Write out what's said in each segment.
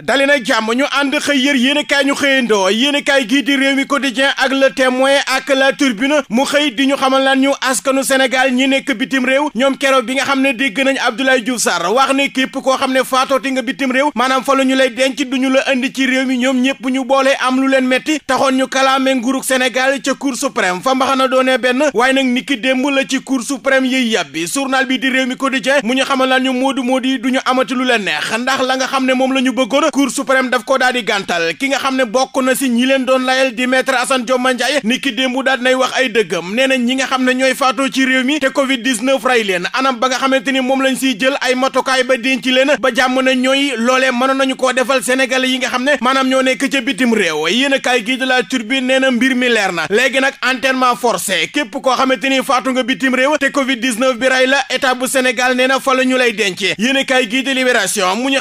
dali nag jàmm ñu ànd xëy yër yéenekaay ñu xëyee xëyandoo yéenekaay gii di réew mi quotidien ak le témoin ak la turbine mu xëy di ñu xamal lan ñu askanu Sénégal ñi nekk bitim réew ñoom keroog bi nga xam ne dégg nañ Abdoulaye Diouf Sarr wax ne képp koo xam ne faatooti nga bitim réew maanaam fa lu ñu lay denc duñu la indi ci réew mi ñoom ñëpp ñu boolee am lu leen metti taxoon ñu kalaame nguurug Sénégal ca cour suprême fa mbaxana doonee benn waaye nag niki démb la ci cour suprême yiy yàbbi journal bi di réew mi quotidien mu ñu xamal lan ñu moodu moodi du ñu amati lu leen ndax la xam ne moom la ñu bëggoon Senghor cour daf ko daal di gàntal ki nga xam ne bokk na si ñi leen doon layal di maître Assane Dioma Ndiaye ni ki démbu nay wax ay dëggam nee na ñi nga xam ne ñooy faatoo ci réew mi te covid 19 ray leen anam ba nga xamante ni moom lañ siy jël ay matukaay ba denc leen ba jàmm na ñooy loolee mënoon nañu koo defal sénégalais yi nga xam ne maanaam ñoo nekk ca bitim réew yéen a kaay gii de la turbine nee na mbir mi leer na léegi nag enterrement forcé képp koo xamante ni faatu nga bitim réew te covid 19 bi ray la état bu sénégal nee na fa ñu lay denc yéen a kaay gii de libération mu ñu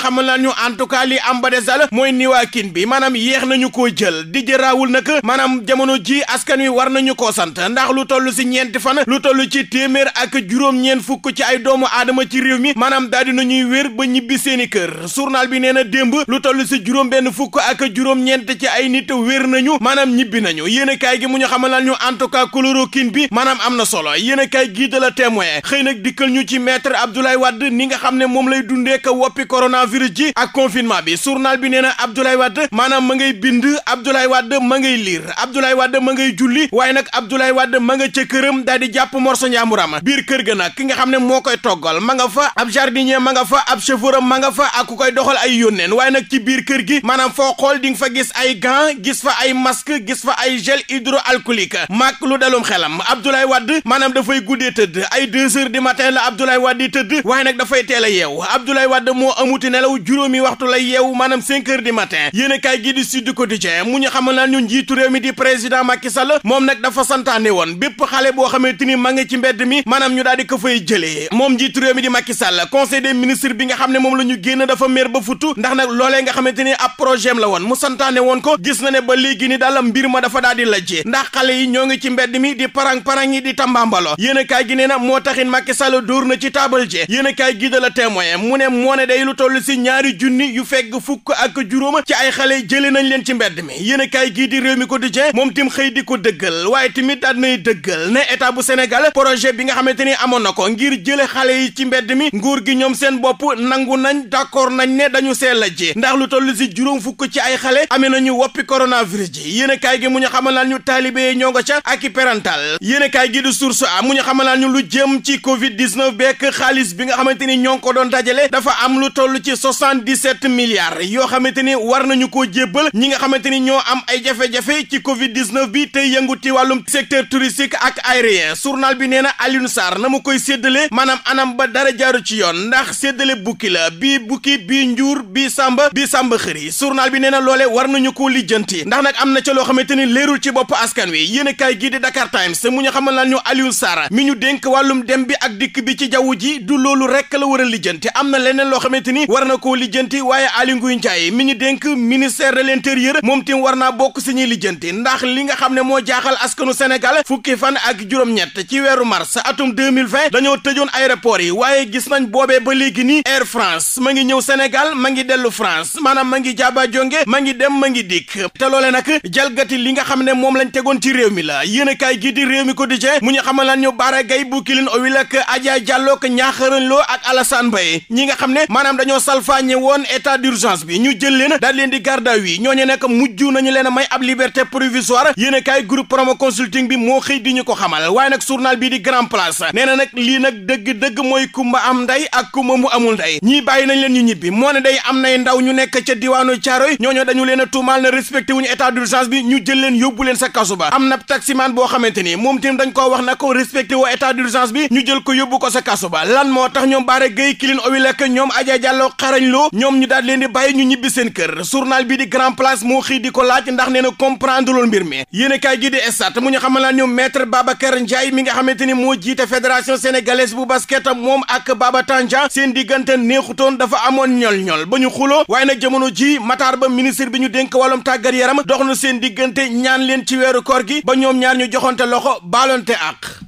am ba des dal mooy niwaakin bi maanaam yeex nañu koo jël di jëraawul nag maanaam jamono ji askan wi war nañu ko sant ndax lu toll si ñeenti fan lu tollu ci téeméer ak juróom-ñeent fukk ci ay doomu aadama ci réew mi maanaam daal di nañuy wér ba ñibbi seeni kër journal bi nee na démb lu toll si juróom benn fukk ak juróom-ñeent ci ay nit wér nañu maanaam ñibbi nañu yéenekaay gi mu ñu xamal ñu en tout cas chloroquine bi maanaam am na solo yéenekaay gi a la témoin xëy nag dikkal ñu ci maître Abdoulaye Wade ni nga xam ne moom lay dundee ka woppi coronavirus ji ak confinement bi journal bi nee na Abdoulaye Wade maanaam ma ngay bind Abdoulaye wadd ma ngay liir Abdoulaye wadd ma ngay julli waaye nag Abdoulaye Wade ma nga ca këram daal di jàpp morso njaamuram biir kër ga nag ki nga xam ne moo koy toggal ma nga fa ab jardinier ma nga fa ab chauffeur ma nga fa ak ku koy doxal ay yónneen waaye nag ci biir kër gi maanaam foo xool di nga fa gis ay gants gis fa ay masque gis fa ay gel hydroalcoolique maak lu dalum xelam Abdoulaye wadd maanaam dafay guddee tëdd ay deux heures du matin la Abdoulaye Wade tëdd waaye nag dafay teel a yeew Abdoulaye Wade moo amuti nelaw juróomi waxtu lay yeew yeewu maanaam cinq heures du matin yéen a kaay ko di Sud Quotidien mu ñu xamal naa ñun njiitu mi di président Macky Sall moom nag dafa santaane woon bépp xale boo xamante ni ma ngi ci mbedd mi maanaam ñu daal di ko fay moom njiitu mi di Macky Sall conseil des ministres bi nga xam ne moom la ñu génn dafa mer ba futu ndax nag loolee nga xamante ni ab projet la woon mu santaane woon ko gis na ne ba léegi ni daal mbir ma dafa daal di lajjee ndax xale yi ñoo ngi ci mbedd mi di parang-parang yi di yéen a kaay na moo taxin Macky Sall dóor na ci taabal jee yéen a kaay gi da la mu ne moo lu toll si ñaari junni yu fegg fukk ak juróoma ci ay xale jëlee nañ leen ci mbedd mi yéen a gii di réew mi quotidien moom tim xëy di ko dëggal waaye tamit daal nay dëggal ne état bu Sénégal projet bi nga xamante ni amoon na ko ngir jële xale yi ci mbedd mi nguur gi ñoom seen bopp nangu nañ d'accord nañ ne dañu see lajjee ndax lu toll si juróom fukk ci ay xale amee nañu woppi coronavirus ji yéen gi mu ñu xamal ñu taalibe yi ñoo nga ca ak i parental yéen gi di source mu ñu xamal ñu lu jëm ci covid 19 beek xaalis bi nga xamante ni ñoo ngi ko doon dajale dafa am lu toll ci 77 milliards milliards yoo xamante ni war nañu koo jébbal ñi nga xamante ni ñoo am ay jafe-jafe ci Covid 19 bi tey yëngu ci wàllum secteur touristique ak aérien journal bi nee na Alioune Sarr na mu koy séddale maanaam anam ba dara jaaru ci yoon ndax séddale bukki la bii bukki bii njuur bii sàmba bii sàmba xëri journal bi nee na loole war nañu koo lijjanti ndax nag am na ca loo xamante ni leerul ci bopp askan wi yéen kaay gii di Dakar Times mu ñu xamal nañu Alioune Sarr mi ñu dénk wàllum dem bi ak dikk bi ci jaww ji du loolu rek la war a lijjanti am na leneen loo xamante ni war na koo lijjanti Nguy Ndiaye mi ñu dénk ministère de l'intérieur moom ti war naa bokk si ñuy lijjanti ndax li nga xam ne moo jaaxal askanu senegal fukki fan ak juróom-ñett ci weeru mars atum 2020 dañoo tëjoon aéroport yi waaye gis nañ boobee ba léegi nii Air France ma ngi ñëw Sénégal ma ngi dellu France maanaam ma ngi jaaba jonge ma ngi dem ma ngi dikk te loole nag jalgati li nga xam ne moom lañ tegoon ci réew mi la yéen a kaay gii di réew mi quotidien mu ñu xamal lan ñu Bara Gaye bu kilin owil ak Adja Diallo ñi nga xam ne maanaam dañoo salfaañe woon urgence bi ñu jël leen daal leen di a may ab liberté provisoire yéen a kaay nee na nag lii nag dëgg-dëgg mooy kumba am nday ak kumba mu amul nday ñii bàyyi nañ leen ñu ñibbi moo ne day am nay ndaw ñu nekk ca diwaanu Caaroy ñooñu dañu leen tuumaal na respecté wuñu état bi ñu jël leen yóbbu leen sa kasu am na taximaan boo xamante ni moom tim dañ koo wax na ko respecté woo état bi ñu jël ko yóbbu ko sa kasu ba lan moo tax ñoom baare gay kilin owi lekk ñoom aja jàlloo xarañ loo ñoom ñu bàyyi ñu ñibbi seen kër journal bi di grand place moo xii di ko laaj ndax neena na mbir mi yéen a kaay gi di estat mu ñu xamal naa ñu maître Babacar Ndiaye mi nga xamante ni moo jiite fédération sénégalaise bu basket moom ak Baba Tandia seen diggante neexutoon dafa amoon ñol-ñol ba ñu xuloo waaye nag jamono ji Matar Ba ministre bi ñu dénk wàllum tàggat yaram dox na seen diggante ñaan leen ci weeru koor gi ba ñoom ñaar ñu joxonte loxo baalonte ak